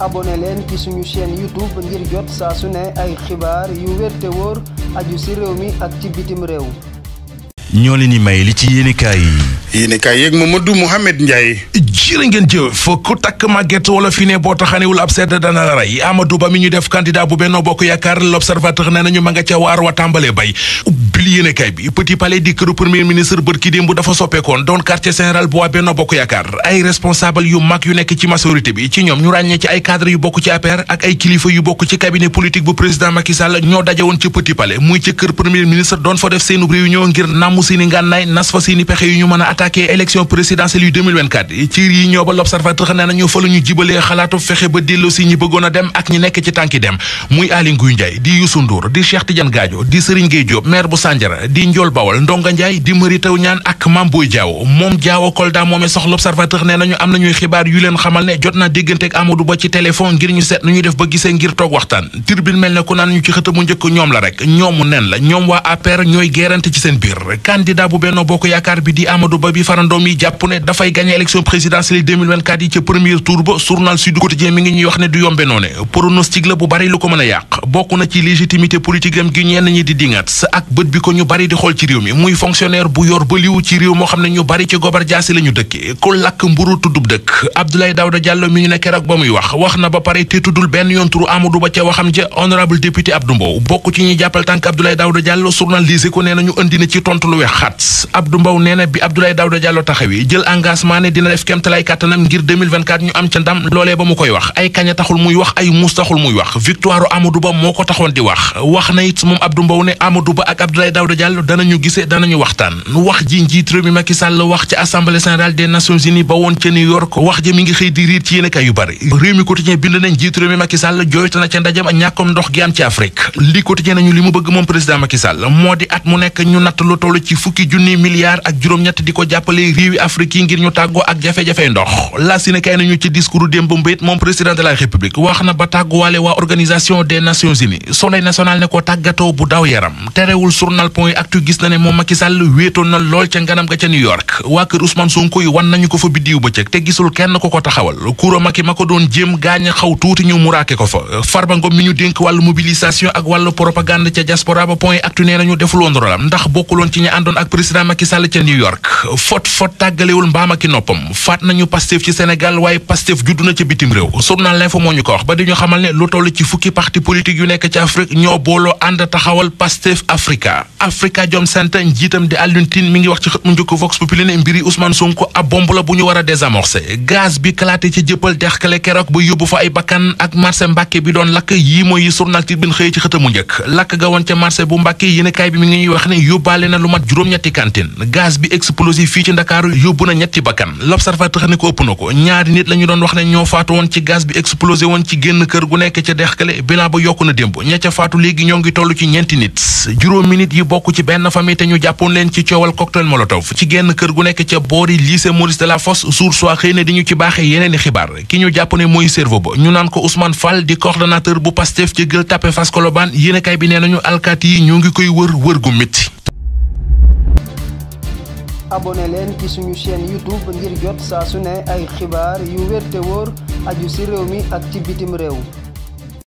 abonné leen ci suñu chaîne YouTube ngir jot saa su ne ay xibaar yu wér wóor aju ci réew mi ak ci bitim réew. ñoo leen ni may li ci yéenekaay yi. yéenekaay yeeg Mamadou Mouhamed Ndiaye. jërë ngeen jëf ku takk màgget wala fi ne boo taxanewul ab sedd dana la rey Amadou Ba mi ñu def candidat bu Benno Bokk Yaakaar l'Observateur nee nañu ma nga ca waar wa tàmbalee bay. tribune yéenekaay bi petit palais di këru premier ministre bërki démb dafa soppeekoon doon quartier général bu waa Benno Bokk Yaakaar ay responsable yu mag yu nekk ci majorité bi ci ñoom ñu ràññee ci ay cadre yu bokk ci APR ak ay kilifa yu bokk ci cabinet politique bu président Macky Sall ñoo dajewoon ci petit palais muy ci kër premier doon fa def seeni pexe yu ñu mën a attaquer élection présidentielle yu ci yi ñoo ba l'observateur nee nañu fa lu ñu jibalee xalaatu fexe di Youssou Ndour di Sandiara di Njool Bawol Ndonga Njaay di Mari Taw Ñaan ak Mam Boy Jaaw moom Jaaw Kolda moomee sox l'Observateur ne nañu am nañuy xibaar yu leen xamal ne jot naa déggante ak Amadou Ba ci téléphone ngir ñu seet nu ñuy def ba gisee ngir toog waxtaan Tribune mel ne ku naan ñu ci xët mu njëkk ñoom la rek ñoomu nen la ñoom waa APR ñooy gérante ci seen biir candidat bu Benno Bokk Yaakaar bi di Amadou Ba bi farandoom yi jàpp ne dafay gagné élection présidentielle a bokk na ci légitimité politique am gi ñenn ñi di dingat ak bët bi ko ñu bari di xool ci réew mi muy fonctionnaire bu yor ba liwu ci réew moo xam ne ñu bari ci gobar jaasi la ñu dëkke ku lakk mburu tuddub dëkk Abdoulaye Daouda Diallo mi ñu ne keroog ba muy wax wax na ba pare te tuddul benn yoon turu Amadou Ba ca waxam ja honorable député Abdou Mbow bokk ci ñuy jàppal tànk Abdoulaye Daouda Diallo journaliste ko ne na ñu indi na ci tontu lu wex xat Abdou Mbow nee na bi Abdoulaye Daouda Diallo taxawee jël engagement ne dina def kéemtalaay kàttanam ngir 2024 ñu am ca ndam loolee ba mu koy wax ay kaña taxul wax ay muus taxul muy wax victoire Amadou moo ko taxoon di wax wax na it moom Abdou Mbow ne Amadou Ba ak Abdoulaye Daouda Diallo danañu gisee danañu waxtaan wax ji njiit réew mi Macky wax ci assemblée générale des nations unies ba woon ca New York wax ji mi ngi xëy di riir ci yéenekaay yu bari réew mi quotidien bind nañ njiit réew mi Macky Sall na ca ndajam ñàkkom ndox gi am ci Afrique li quotidien nañu li mu bëgg moom président Macky Sall moo di at mu nekk ñu natt lu toll ci fukki junni ñett di ko jàppale réewi Afrique yi ngir ñu tàggoo ak jafe ndox la si ne kay nañu ci discours Nations Unies soleil national ne ko tàggatoo bu daw yaram terewul journal point actu gis na ne moom Macky Sall na lool ca nganam ga ca New York waa kër Ousmane Sonko yi wan nañu ko fa biddiw bëccëg te gisul kenn ko ko taxawal kuro Macky ma ko doon jéem gaañ xaw tuuti ñu muraake ko fa Farba Ngom mi ñu dénk wàllu mobilisation ak wàllu propagande ca diaspora ba point actu nee nañu defuloon rolam ndax bokkuloon ci ñi àndoon ak président Macky ca yu nekk ci Afrique ñoo booloo ànd taxawal Pastef Africa Africa Jom Center njiitam di Alioune Tine mi ngi wax ci xët mu njëkk Vox Populi ne mbiri Ousmane Sonko ab bomb la bu ñu war a désamorcer gaz bi kalaate ci jëppal dexkale keroog ba yóbbu fa ay bakkan ak marché Mbàkke bi doon lakk yii mooy journal Tribune xëy ci xët njëkk lakk ga woon ca marché bu Mbàkke yéenekaay bi mi ngi wax ne yóbbaale na lu mat juróom-ñetti cantine gaz bi explosif fii ci Ndakaaru yóbbu na ñetti bakkan na démb ña ca faatu léegi ñoo ngi tollu ci ñeenti nit juróomi nit yi bokk ci benn famille te ñu jàppoon leen ci coowal cocktail molotov ci genn kër gu nekk ca boori lycée Maurice Delafosse sour soit xëy na di ñu ci baaxe yeneen i xibaar ki ñu jàpp ne mooy cerveau ba ñu naan ko Ousmane Fall di coordonnateur bu Pastef ci Gueule Tapée Fass Colobane yéenekaay bi nee nañu alkaati yi ñoo ngi koy wër wër gu métti abonné leen ci suñu chaîne youtube ngir jot saa su ne ay xibaar yu